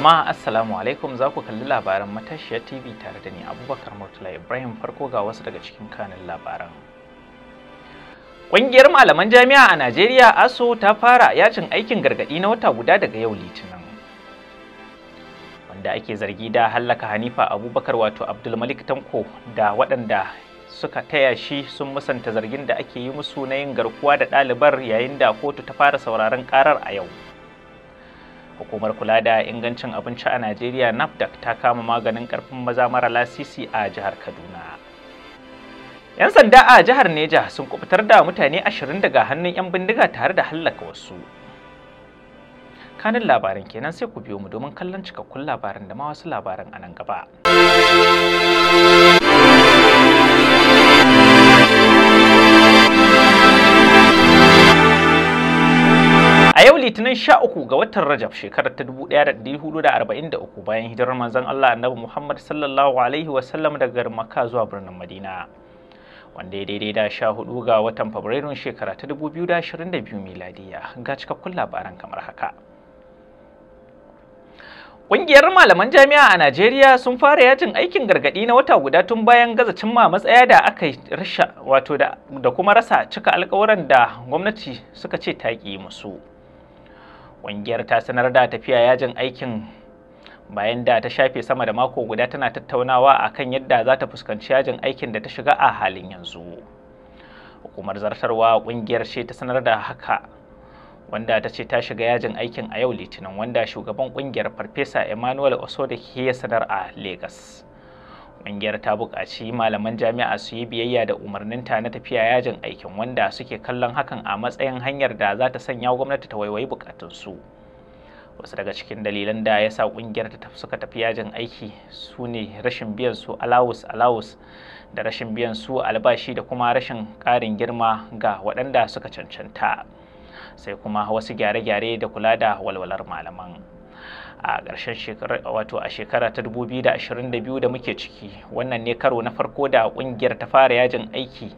Jama'a Assalamu alaikum za ku kalli labaran matashiya TV tare da ni Abubakar Murtala Ibrahim farko ga wasu daga cikin kanin labaran. Ƙungiyar malaman jami'a a Najeriya ASO ta fara yajin aikin gargaɗi na wata guda daga yau Litinin. Wanda ake zargi da hallaka Hanifa Abubakar wato Abdulmalik Tanko da waɗanda suka taya shi sun musanta zargin da ake yi musu na yin garkuwa da ɗalibar yayin da kotu ta fara sauraron ƙarar a yau. hukumar kula da ingancin abinci a najeriya nafdac ta kama maganin karfin maza mara lasisi a jihar kaduna yan sanda a jihar neja sun kubutar da mutane ashirin daga hannun yan bindiga tare da hallaka wasu kanin labarin kenan sai ku biyo mu domin kallon cikakkun labarin da ma wasu labaran a nan gaba A yau Litinin sha uku ga watan Rajab shekarar ta dubu ɗaya bayan hijirar manzon Allah annabi Muhammad sallallahu alaihi wasallam daga Makka zuwa birnin Madina. Wanda ya daidai da sha hudu ga watan Fabrairun shekara ta dubu biyu da ashirin da miladiya ga cikakkun labaran kamar haka. Ƙungiyar malaman jami'a a Najeriya sun fara yajin aikin gargaɗi na wata guda tun bayan gaza cimma matsaya da aka rasha wato da, kuma rasa cika alƙawuran da gwamnati suka ce ta ƙi musu. ƙungiyar ta sanar da tafiya yajin aikin bayan da ta shafe sama da mako guda tana tattaunawa a kan yadda za ta fuskanci yajin aikin da ta shiga a halin yanzu hukumar zartarwa ƙungiyar ce ta sanar da haka wanda ta ce ta shiga yajin aikin a yau litinin wanda shugaban ƙungiyar farfesa emmanuel osodeke ya sanar a Legas. ƙungiyar ta buƙaci malaman jami'a su yi biyayya da umarninta na tafiya yajin aikin wanda suke kallon hakan a matsayin hanyar da za ta sanya gwamnati ta waiwayi buƙatunsu wasu daga cikin dalilan da ya sa ƙungiyar ta suka tafi yajin aiki su ne rashin biyan su alawus alawus da rashin biyan su albashi da kuma rashin ƙarin girma ga waɗanda suka cancanta sai kuma wasu gyare-gyare da kula da walwalar malaman. a ƙarshen shekarar wato a shekara ta 2022 da muke ciki wannan ne karo na farko da ƙungiyar ta fara yajin aiki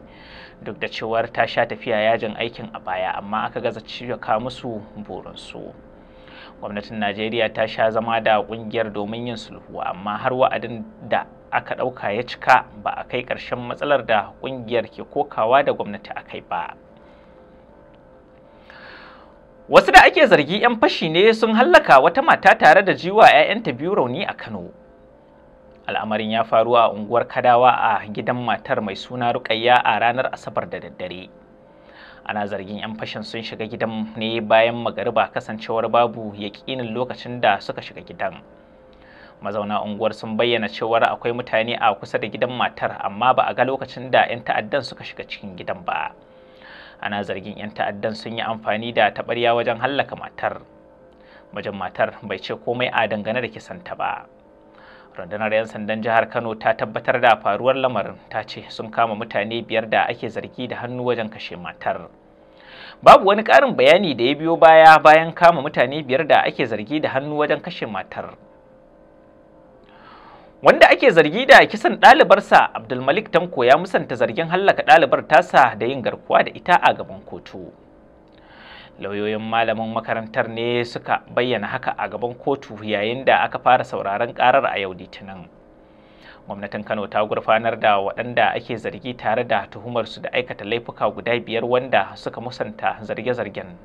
duk da cewar ta sha tafiya yajin aikin a baya amma aka gaza cika musu burinsu gwamnatin najeriya ta sha zama da ƙungiyar domin yin sulhu amma har wa'adin da aka ɗauka ya cika ba a kai ƙarshen matsalar da ƙungiyar ke kokawa da gwamnati a kai ba Wasu da ake zargi 'yan fashi ne sun hallaka wata mata tare da jiwa 'ya'yanta biyu rauni a Kano. Al'amarin ya faru a unguwar Kadawa a gidan matar mai suna Rukayya a ranar Asabar da daddare. Ana zargin 'yan fashin sun shiga gidan ne bayan magariba kasancewar babu yaƙinin lokacin da suka shiga gidan. Mazauna unguwar sun bayyana cewar akwai mutane a kusa da gidan matar amma ba a ga lokacin da 'yan ta'addan suka shiga cikin gidan ba. ana zargin 'yan ta'addan sun yi amfani da taɓarya wajen hallaka matar wajen matar bai ce komai a dangane da kisanta ba rundunar 'yan sandan jihar kano ta tabbatar da faruwar lamarin ta ce sun kama mutane biyar da ake zargi da hannu wajen kashe matar babu wani ƙarin bayani da ya biyo baya bayan kama mutane biyar da ake zargi da hannu wajen kashe matar wanda ake zargi da kisan ɗalibarsa abdulmalik tanko ya musanta zargin hallaka ɗalibar tasa da yin garkuwa da ita a gaban kotu lauyoyin malamin makarantar ne suka bayyana haka a gaban kotu yayin da aka fara sauraron karar a yau litinin gwamnatin kano ta gurfanar da waɗanda ake zargi tare da tuhumarsu da aikata laifuka guda biyar wanda suka musanta zarge-zargen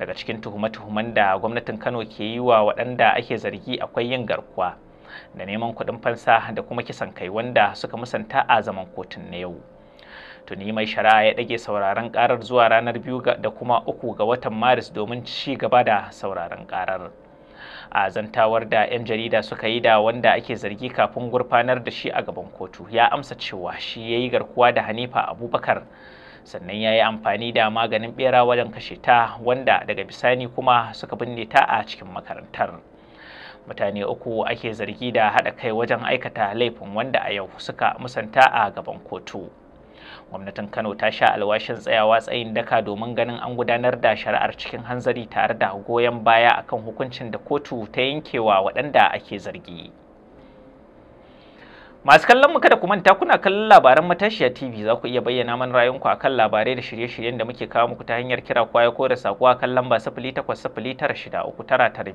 daga cikin tuhume-tuhumen da gwamnatin kano ke yi wa waɗanda ake zargi akwai yin garkuwa da neman kuɗin fansa da kuma kisan kai wanda suka musanta a zaman kotun na yau tuni mai shari'a ya ɗage sauraron ƙarar zuwa ranar biyu da kuma uku ga watan maris domin ci gaba da sauraron ƙarar a zantawar da 'yan jarida suka yi da wanda ake zargi kafin gurfanar da shi a gaban kotu ya amsa cewa shi ya yi garkuwa da hanifa abubakar sannan ya yi amfani da maganin bera wajen kashe ta wanda daga bisani kuma suka binne ta a cikin makarantar. mutane uku ake zargi da haɗa kai wajen aikata laifin wanda a yau suka musanta a gaban kotu gwamnatin kano ta sha alwashin tsayawa tsayin daka domin ganin an gudanar da shari'ar cikin hanzari tare da goyon baya akan hukuncin da kotu ta yankewa waɗanda ake zargi masu kallon mu kada ku manta kuna kallon labaran matashiya tv za ku iya bayyana mana a akan labarai da shirye-shiryen da muke kawo muku ta hanyar kira kwaya ko da sakuwa kan lamba sifili takwas shida uku tara tara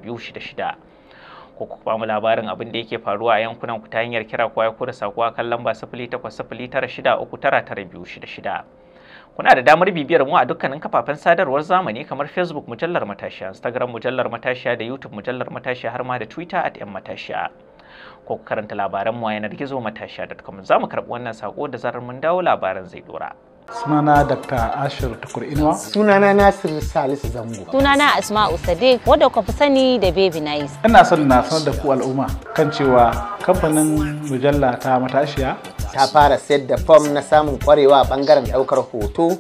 ko ku bamu labarin abin da yake faruwa a yankunan ku ta hanyar kira ko ya kura sakuwa kan lamba 0809639266 kuna da damar bibiyar mu a dukkanin kafafen sadarwar zamani kamar Facebook mujallar matashiya Instagram mujallar matashiya da YouTube mujallar matashiya har ma da Twitter at yan matashiya ko ku karanta labaran mu a yanar gizo matashiya.com za mu karɓi wannan sako da zarar mun dawo labaran zai dora sunana dr ashir tukur inuwa sunana nasir salisu zango sunana asma'u sadiq wadda ku fi sani da baby nice ina son na sanar da ku al'umma kan cewa kamfanin mujalla ta matashiya ta fara sayar da fom na samun kwarewa a bangaren daukar hoto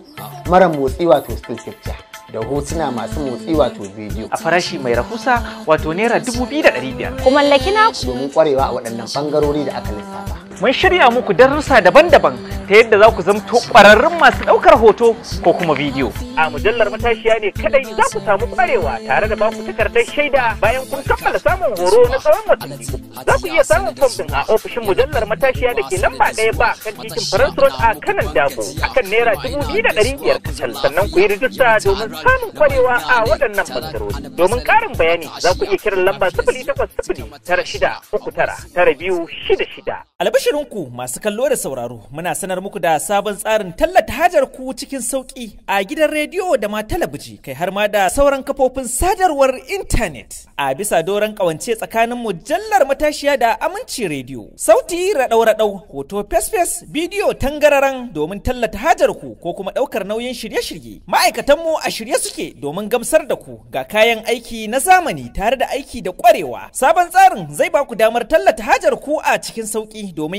mara motsi wato still picture da hotuna masu motsi wato bidiyo a farashi mai rahusa wato naira 2500 ku mallaki na domin kwarewa a waɗannan bangarori da aka lissafa mun shirya muku darussa daban-daban ta yadda za ku zamto ƙwararrun masu ɗaukar hoto ko kuma bidiyo. A mujallar matashiya ne kadai za ku samu ƙwarewa tare da baku takardar shaida bayan kun kammala samun horo na tsawon watanni. Za ku iya samun fom a ofishin mujallar matashiya da ke lamba ɗaya ba kan titin Faransu Road a kanan Dabo kan naira dubu biyu da ɗari biyar kacal sannan ku yi rijista domin samun ƙwarewa a waɗannan bangarori. Domin ƙarin bayani za ku iya kiran lamba sifili takwas sifili tara shida uku tara tara biyu shida shida. Albashi shirinku masu kallo da sauraro muna sanar muku da sabon tsarin tallata hajar ku cikin sauki a gidan rediyo da ma talabiji kai har ma da sauran kafofin sadarwar intanet a bisa doron kawance tsakanin mujallar matashiya da aminci rediyo sauti raɗau-raɗau hoto fesfes bidiyo tangararan domin tallata hajar ku ko kuma ɗaukar nauyin shirye-shirye ma'aikatan mu a shirye suke domin gamsar da ku ga kayan aiki na zamani tare da aiki da kwarewa sabon tsarin zai ba ku damar tallata hajar ku a cikin sauki domin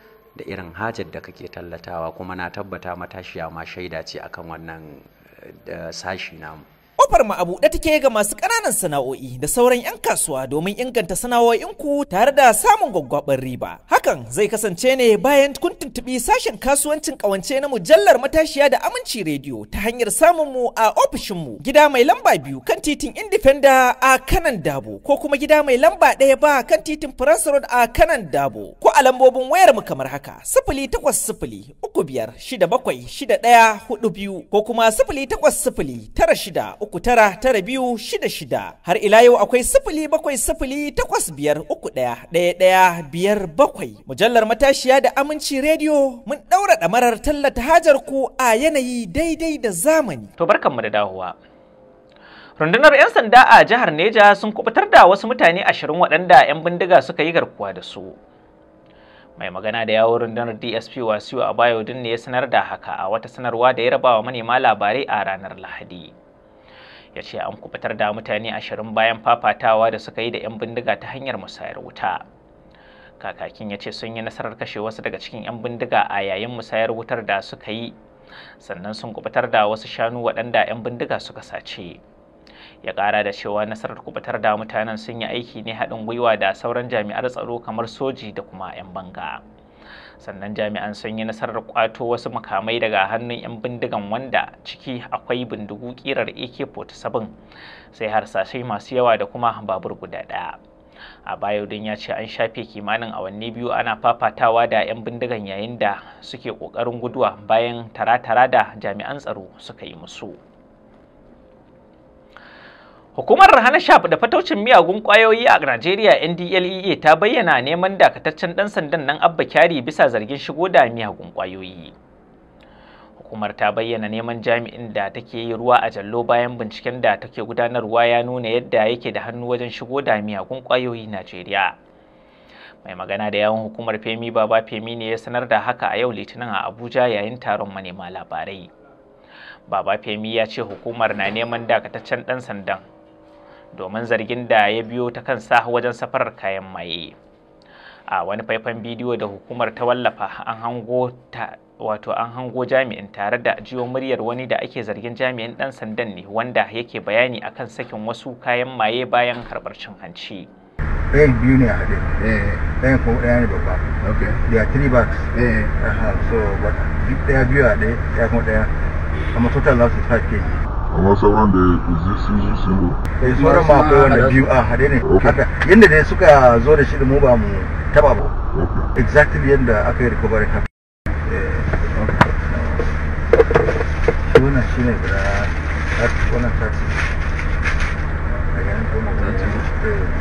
da irin hajar da kake tallatawa kuma na tabbata matashiya ma shaida ce akan wannan eh, sashi namu kofar mu a buɗe take ga masu ƙananan sana'o'i da sauran 'yan kasuwa domin inganta sana'o'inku tare da samun gwaggwabar riba Hakan zai kasance ne bayan kun tuntuɓi sashen kasuwancin ƙawance na mujallar matashiya da aminci rediyo ta hanyar samun mu a ofishinmu gida mai lamba biyu kan titin Indifenda a kanan dabo ko kuma gida mai lamba ɗaya ba kan titin France Road a kanan dabo ko a lambobin wayarmu kamar haka sifili takwas sifili uku biyar shida bakwai shida ɗaya hudu biyu ko kuma sifili takwas sifili tara shida uku tara tara biyu shida shida har ila yau akwai sifili bakwai sifili takwas biyar uku ɗaya ɗaya ɗaya biyar bakwai kai mujallar matashiya da aminci rediyo mun ɗaura ɗamarar tallata hajar ku a yanayi daidai da zamani. To barkanmu da dawowa. Rundunar 'yan sanda a jihar Neja sun kubutar da wasu mutane ashirin waɗanda 'yan bindiga suka yi garkuwa da su. Mai magana da yawon rundunar DSP a bayodin ne ya sanar da haka a wata sanarwa da ya rabawa manema labarai a ranar Lahadi. ya ce an kubutar da mutane ashirin bayan fafatawa da suka yi da 'yan bindiga ta hanyar musayar wuta kakakin ya ce sun yi nasarar kashe wasu daga cikin 'yan bindiga a yayin musayar wutar da suka yi sannan sun kubutar da wasu shanu waɗanda 'yan bindiga suka sace ya ƙara da cewa nasarar kubutar da mutanen sun yi aiki ne haɗin gwiwa da sauran jami'ar tsaro kamar soji da kuma 'yan banga sannan jami'an sun yi nasarar kwato wasu makamai daga hannun 'yan bindigan wanda ciki akwai bindigu kirar ak-47 sai harsashai masu yawa da kuma babur guda ɗaya a baya don ya ce an shafe kimanin awanni biyu ana fafatawa da 'yan bindigan yayin da suke ƙoƙarin guduwa bayan tara-tara da jami'an tsaro suka yi musu. Hukumar hana shafi da fataucin miyagun kwayoyi a Najeriya NDLEA ta bayyana neman dakataccen ɗan sandan nan Abba Kyari bisa zargin shigo da miyagun kwayoyi. Hukumar ta bayyana neman jami'in da take yi ruwa a jallo bayan binciken da take gudanarwa ya nuna yadda yake da hannu wajen shigo da miyagun kwayoyi Najeriya. Mai magana da yawon hukumar Femi Baba Femi ne ya sanar da haka a yau Litinin a Abuja yayin taron manema labarai. Baba Femi ya ce hukumar na neman dakataccen ɗan sandan domin zargin da ya biyo ta kan kansa wajen safarar kayan maye. a wani faifan bidiyo da hukumar ta wallafa an hango ta wato an hango jami'in tare da jiyo muryar wani da ake zargin jami'in dan sandan ne wanda yake bayani akan sakin wasu kayan maye bayan karbar cin hanci ɗayan biyu ne a haɗe eh, ɗayan kuma ɗaya ne babba ok there are three bags eh, so but ɗaya biyu a haɗe ɗaya kuma ɗaya amma total loss is 5 kg amma sauran da sun zo sun zo eh sauran ma akwai wanda biyu a hade ne haka yanda dai suka zo da shi mu ba mu taba ba exactly yanda aka yi recovery haka eh, wannan shine da wannan taxi daga nan kuma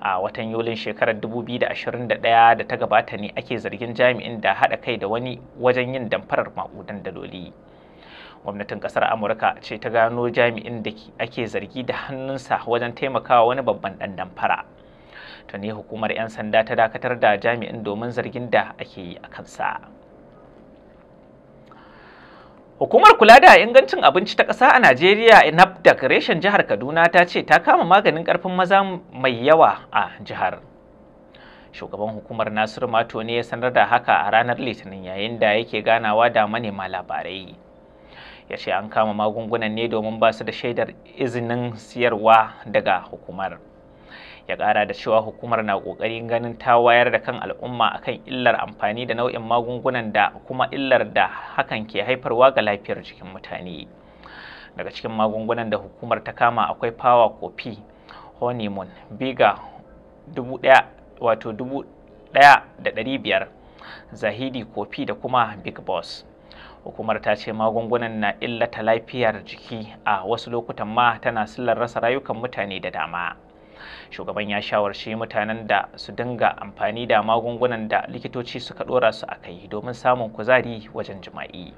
a watan yulin shekarar 2021 da ta gabata ne ake zargin jami'in da haɗa kai da wani wajen yin damfarar makudan da doli gwamnatin kasar amurka ce ta gano jami'in da ake zargi da hannunsa wajen taimakawa wani babban ɗan damfara ne hukumar 'yan sanda ta dakatar da jami'in domin zargin da ake yi a kansa. Hukumar kula da ingancin abinci ta ƙasa a Najeriya INAPDAC reshen jihar Kaduna ta ce ta kama maganin ƙarfin maza mai yawa a jihar. Shugaban hukumar Nasiru Mato ne ya sanar da haka a ranar Litinin yayin da yake ganawa da manema labarai. Ya ce an kama magungunan ne domin ba su da shaidar izinin siyarwa daga hukumar. ya ƙara da cewa hukumar na ƙoƙarin ganin ta wayar da kan al'umma akan illar amfani da nau'in magungunan da kuma illar da hakan ke haifarwa ga lafiyar jikin mutane daga cikin magungunan da hukumar ta kama akwai power kofi honeymoon biga wato dubu da biyar, zahidi kofi da kuma big boss hukumar ta ce magungunan na illata lafiyar jiki a wasu lokutan ma tana sillar rasa rayukan mutane da dama shugaban ya shawarci mutanen da su dinga amfani da magungunan da likitoci suka dora su a kai domin samun kuzari wajen jima'i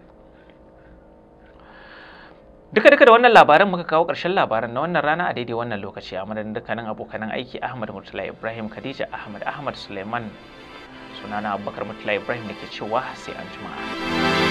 duka duka da wannan labaran muka kawo ƙarshen labaran na wannan rana a daidai wannan lokaci a madadin dukkanin abokanan aiki ahmad murtala ibrahim khadija ahmad ahmad suleiman sunana abubakar murtala ibrahim da ke cewa sai an jima'a